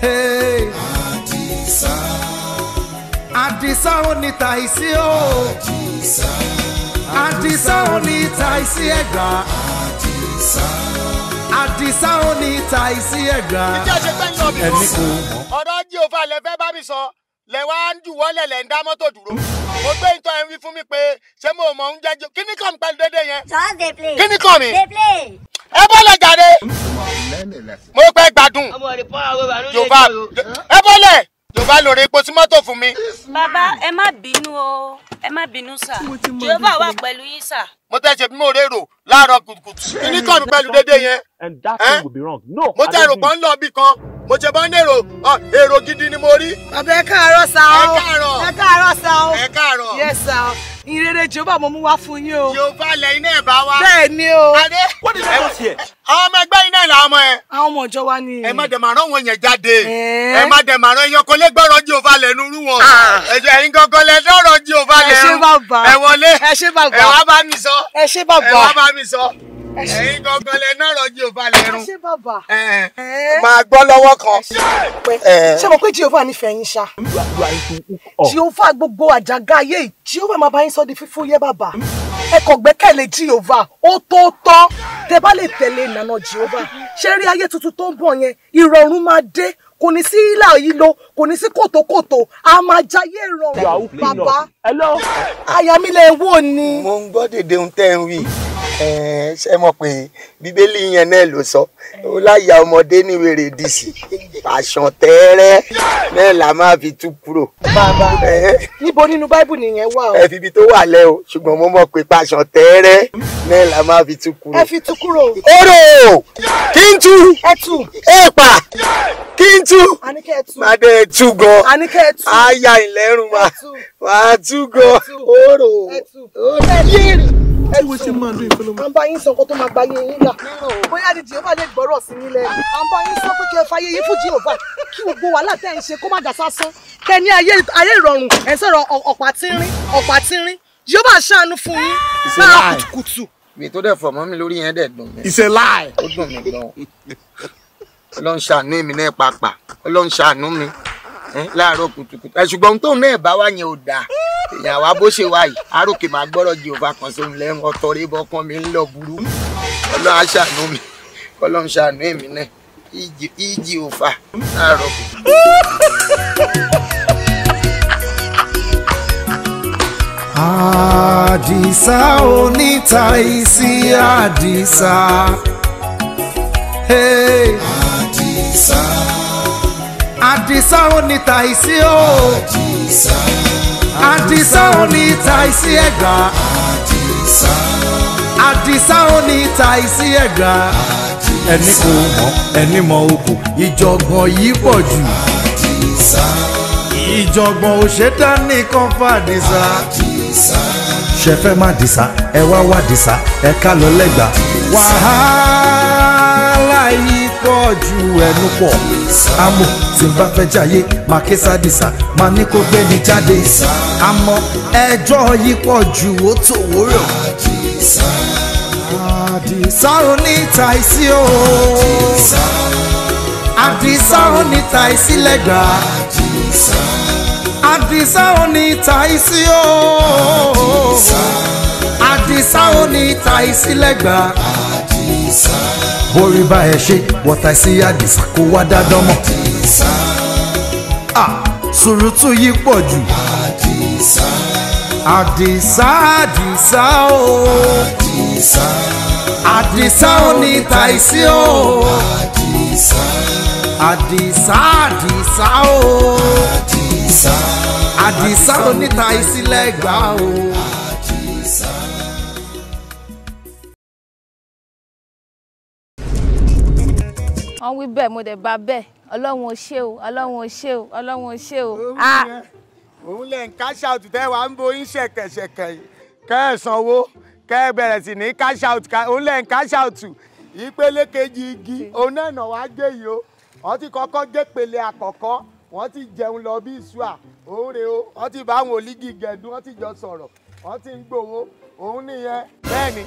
Hey. Àdìsá. Àdìsá òní tàìsí o. Àdìsá. Àdìsá òní tàìsí ẹ̀gbá. Àdìsá. Àdìsá òní tàìsí ẹ̀gbá. Ìjẹ́ ṣe pé ń lọ bí wọ́n sọ. Ọ̀rọ̀ jí o falẹ̀ fẹ́ bá mi sọ. Lẹ̀ wá ń juwọ́lẹ̀ lẹ̀ ń dá mọ́tò dúró. Mo gbé ìtọ́ ẹ̀ ń wí fún mi pé ṣé mo mọ̀ ń jẹ́jọ́. Kí ni pẹ̀lú dédé yẹn? Just dey play. Kí mi? Dey play ẹ bọ́lẹ̀ jàre mo pẹ́ gbádùn yorùbá ẹ bọ́lẹ̀ yorùbá lórí epo sí mọ́tò fún mi. bàbá ẹ má bínú o ẹ má bínú sà yorùbá wà pẹ̀lú yín sà. mo tẹ́ ṣe bí mo rérò láàárọ̀ kùtùkùtù kí ní pẹ̀lú dédé yẹn mo tẹ́ rò pọ́n lọ bí kan mo ṣe bá ń èrò èrò gidi ni mo rí. bàbá ẹ káàárọ̀ sá o ẹ káàárọ̀ ẹ káàárọ̀ sá o ẹ káàárọ̀ yẹ sá o ìrere jehova mo mú wá fún yín o. jehova lẹ iná ẹ̀ bá wa. bẹ́ẹ̀ ni o. adé what is that here. àwọn ọmọ ẹgbẹ́ iná ìlà ọmọ ẹ. àwọn ọmọ ìjọ wa ni. ẹ má dẹ̀ màrán wọn yẹn jáde. ẹ má dẹ̀ màrán ẹyàn kan lé gbọ́rọ̀ jehova lẹ́nu rú wọn. Ah. ẹ̀jẹ̀ ẹ̀yin gangan lẹ dọ́rọ̀ jehova lẹ́nu. ẹ ṣé bàbá ẹ wọlé ẹ ṣé bàbá ẹ wá bá mi sọ. ẹ ṣé bàbá ẹ wá bá mi sọ ẹ̀yin gangan lẹ náà rọ jehova lẹ́rú máa gbọ́ lọ́wọ́ kan. ṣé mo pé jehova nífẹ̀ẹ́ yín ṣá jehova gbogbo àjàgà ayé jehova máa bá yín sọ di fífúyẹ́ bàbá ẹ kò gbẹ́kẹ̀lé jehova ó tó tán tẹ bá lè tẹ̀lé ìlànà jehova ṣé rí ayé tuntun tó ń bọ̀ yẹn ìrọ̀rùn máa dé kò ní sí ilà ìlò kò ní sí kòtòkòtò a máa jayé ìrọ̀rùn bàbá àyà mi wò ni. mo ń gbọ́ dèdè ohun tẹ́ ń wí. Eh, ṣe mọ̀ pé bíbélì yẹn náà ló sọ ó láyà ọmọdé ní wèrè dìsì àṣàn tẹ́ẹ́rẹ́ náà la máa fi tú kúrò. bàbá eh. níbo nínú báíbù nìyẹn wà o. ẹ fi ibi tó wà lẹ o ṣùgbọ́n mo mọ̀ pé pàṣàn tẹ́ẹ́rẹ́ náà la máa fi tú kúrò. ẹ fi tú kúrò. oró kí n tú. ẹ tú. èèpà kí n tú. àníkẹ́ tú. màdé tú gan. àníkẹ́ tú. àyà ìlẹ́rùn wa. wàá tú gan. oró. ẹ tú. oró ẹ wo ṣe máa lo ìpolówó. à ń bá yín sọ nǹkan tó máa gba ayé yín yà bóyá ni jehova lè gbọ́rọ̀ sí nílẹ̀ à ń bá yín sọ pé kí ẹ fàyè yín fún jehova kí gbogbo wàhálà tẹ̀ ń ṣe kó má jà sásán kẹ ní ayé ìrọ̀rùn ẹ̀ ń sọ̀rọ̀ ọ̀pá tínrín ọ̀pá tínrín jehova ṣàánú fún yín lára kùtùkùtù. mi tó dẹ̀ fọ̀ mọ́ mi lórí yẹn dẹ̀ dùn mí. ìṣe láì. ó dùn mí gan-an ọlọ́run ṣàánú èmi èèyàn àwa bó ṣe wà yìí arókè máa gbọ́rọ̀ jehova kan sóhun lẹ́hìn ọ̀tọ̀rẹ́ bọ́kàn mi ń lọ burú ọlọ́run aṣàánú mi ọlọ́run ṣàánú èmi náà ìjì òfà láàárọ̀ àdìsá oníta isi àdìsá. àdìsá àdìsá oníta isi o. àdìsá àdìsá oníta ìsí ẹ̀gbá. àdìsá. àdìsá oníta ìsí ẹ̀gbá. ẹni kò mọ̀ ẹni mọ̀ okò ìjọ̀gbọ̀n yìí pọ̀ jù. àdìsá. ìjọ̀gbọ̀n òṣèdá nìkan fàdìsá. àdìsá. ṣẹfẹ́ má dìsá ẹ wá wá dìsá ẹ ká lọ lẹ́gbàá. wàhálà pọ̀ ju ẹnu pọ̀ àmọ tí n bá fẹ́ jayé máa ké sádìsà máa ní kó gbé mi jáde àmọ́ ẹjọ́ yìí pọ̀ ju ó tòwó rò àdìsá ò ìsí o àdìsá ò ìsí lẹ́gbà àdìsá ò ìsí o àdìsá ò ìsí lẹ́gbà. àdìsá borí bá ẹ ṣe wọ́tà sí àdìsá kó wá dá dánmọ́. àdìsá. Ah, à sùrùtù yìí pọ̀ jù. àdìsá. àdìsá àdìsá o. àdìsá. àdìsá ò ní tàìsí o. àdìsá. àdìsá àdìsá o. àdìsá. àdìsá ò ní tàìsí lẹ́gbàá o. àdìsá. wọ́n wí bẹ́ẹ̀ mo dẹ̀ bá bẹ́ẹ̀ ọlọ́run ò ṣe o ọlọ́run ò ṣe o ọlọ́run ò ṣe o. òun ah! lè ń cash out tẹ́ wàá ń bo ṣẹ̀kẹ̀ṣẹ̀kẹ̀ kẹ́ ẹ̀ sanwó sí ní cash out òun lè ń cash out ìpele kejì igi òun náà nà wá gbé yìí o wọ́n ti kọ́kọ́ gé pele àkọ́kọ́ wọ́n ti jẹun lọ bí ìṣúà òun rè o wọ́n ti bá àwọn olígi gẹ̀dú wọ́n ti jọ sọ̀rọ̀ wọ́n ti ń gbowó òun nìyẹn bẹ́ẹ̀ ni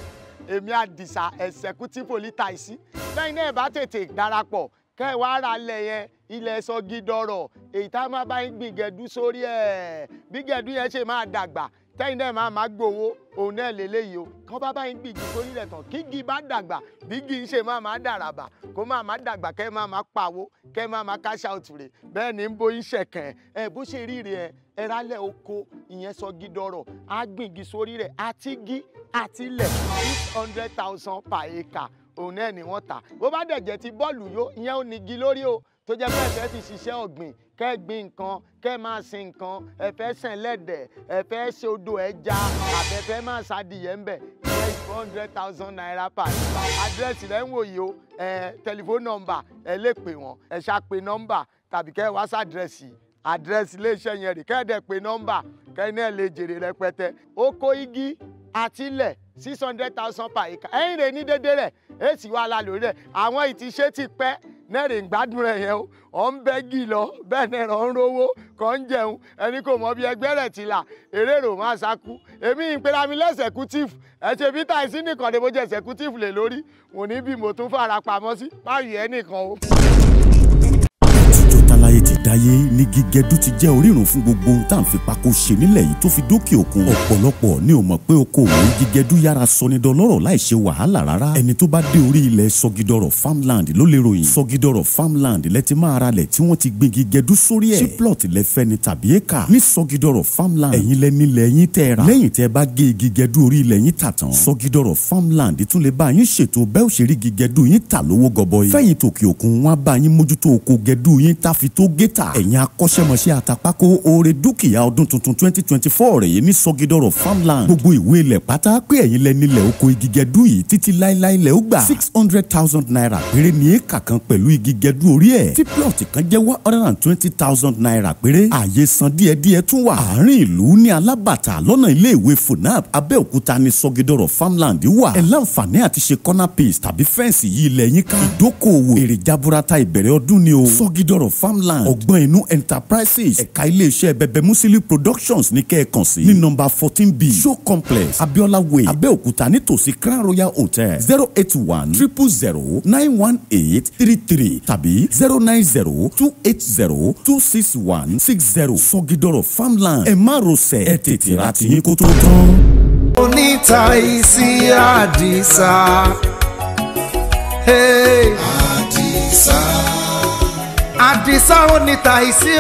èmi àdìsá executive olítàìsí lẹ́yìn náà ẹ bá tètè darapọ̀ kẹ́ ẹ wá ra ilẹ̀ yẹn ilẹ̀ sọ gidọ̀rọ̀ èyí tá a máa bá ń gbìn gẹ̀dú sórí ẹ̀ bí gẹ̀dú yẹn ṣe máa dàgbà tẹ́yìn náà máa máa gbowó òun náà lélẹ́yìí o kán bá bá ń gbìn igi sórí rẹ̀ tán kí igi bá dàgbà bí igi ṣe máa máa dàràbà kó máa máa dàgbà kẹ́ máa máa pawó kẹ́ máa máa káṣá òtúrè bẹ́ẹ̀ ni ń bo iṣẹ́ kàn ẹ̀ bó ṣe ríire ẹ̀ ẹ̀rálẹ̀ oko ìyẹn sọ gidọ̀rọ̀ á gbìn igi sórí rẹ̀ àti igi àti ilẹ̀ six hundred thousand per acre òun náà ni wọ́n ta bó bá dẹ̀ jẹ́ ti bọ́ọ̀lù yó ìyẹn ò ní igi lórí o tó jẹ́ pé ẹ̀fẹ́ ti ṣiṣẹ́ ọ̀gbìn kẹ́ gbin nǹkan kẹ́ máa sin nǹkan ẹ̀fẹ́ sìn lẹ́dẹ̀ ẹ̀fẹ́ ṣe odò ẹja àbẹ̀fẹ́ máa ṣàdìyẹ ń bẹ̀ ìyẹn four hundred thousand naira per Address, rẹ̀ ń wò yìí o tẹlifóònù nọ́mbà ẹ lè pè wọ́n ẹ ṣàpè nọ́mbà tàbí kẹ́ wá sàdírẹ́sì àdírẹ́sì iléeṣẹ́ yẹn rè kẹ́ẹ̀dẹ̀ pé nọ́mbà kẹ́ni ẹ̀ lè jèrè rẹpẹtẹ oko igi àtilẹ̀ six hundred thousand per acre ẹ̀yìn rẹ̀ ní dédé rẹ̀ èsì wà lálórí rẹ̀ àwọn ìtìṣe ti pẹ́ nẹ́ẹ̀rì ń gbádùn rẹ̀ yẹn o ọ̀ ń bẹ́ gì lọ bẹ́ẹ̀ náà ọ̀ ń rówó kọ́ ń jẹun ẹni kò mọ bí ẹgbẹ́ rẹ̀ ti là eré rò máa ṣakú èmi ìpera mi lẹ́sẹ̀kútífù ẹ ṣe bí táìsí nìkan ni mo jẹ́ ẹ̀sẹ̀kútífù lè lórí mo ní bí mo tún fara pamọ́ sí báyìí ẹ nìkan o. igi gẹdú ti jẹ́ orírun fún gbogbo ohun tá à ń fi pákó ṣe nílẹ̀ yìí tó fi dókè òkun. ọ̀pọ̀lọpọ̀ ni ò mọ̀ pé okòwò igi gẹdú yára sọnidọlọ́rọ̀ láì ṣe wàhálà rárá. ẹni tó bá dé orí ilẹ̀ sọgidọ̀rọ̀ farmland ló lè ròyìn. sọgidọ̀rọ̀ farmland lẹ ti máa ralẹ̀ tí wọ́n ti gbin igi gẹdú sórí ẹ̀. ṣé plọ̀t lẹ fẹ́ ni tàbí éka. ní sọgidọ̀rọ̀ farmland ẹ̀yin lẹ nílẹ̀ yín tẹ́ ra. lẹ́yìn tẹ́ bá gé igi gẹdú orí farmland tún lè bá yín ṣètò bẹ́ẹ̀ òṣèré igi gẹdú yín tà lówó gọbọi. fẹ́yìn tòkè òkun wọn á bá yín mójútó oko gẹdú yín akọ́ṣẹ́mọṣẹ́ àtàpákó oore dúkìá ọdún tuntun twenty twenty four rèé ní sọgídọ̀rọ̀ farmland gbogbo ìwé ilẹ̀ pátá pé ẹ̀yin lẹ nílẹ̀ oko igi gẹdú yìí títí láéláé lẹ ó gbà six hundred thousand naira péré ní éka kan pẹ̀lú igi gẹdú orí ẹ̀ tí plọ̀tì kan jẹ́ one hundred and twenty thousand naira péré ààyè san díẹ̀díẹ̀ tún wà àárín ìlú ní alábàtà lọ́nà ilé ìwé funab abẹ́òkúta ní sọgídọ̀rọ̀ farmland wà ẹ̀ láǹfààní àti ṣe corner piece tàbí fẹ́ǹsì yìí ilẹ̀ yín ká ìdókòwò èrè jaburata ìbẹ̀rẹ̀ ọdún ni o sọgídọ̀rọ̀ farmland ọgbọ́n inú ẹn enterprises ẹ̀ka iléeṣẹ́ bẹ̀bẹ̀ musili productions ní kẹ́ ẹ sí ní nọ́mbà fourteen b show complex abiola way abẹ́òkúta nítòsí crown royal hotel zero eight one triple zero nine one eight three three tàbí zero nine zero two eight zero two six one six zero sọgidọrọ farmland ẹ má rọsẹ ẹ tètè ra tiyín kó tó tán. oníta isi àdìsá. Hey. àdìsá àdìsá ò ní tàìsí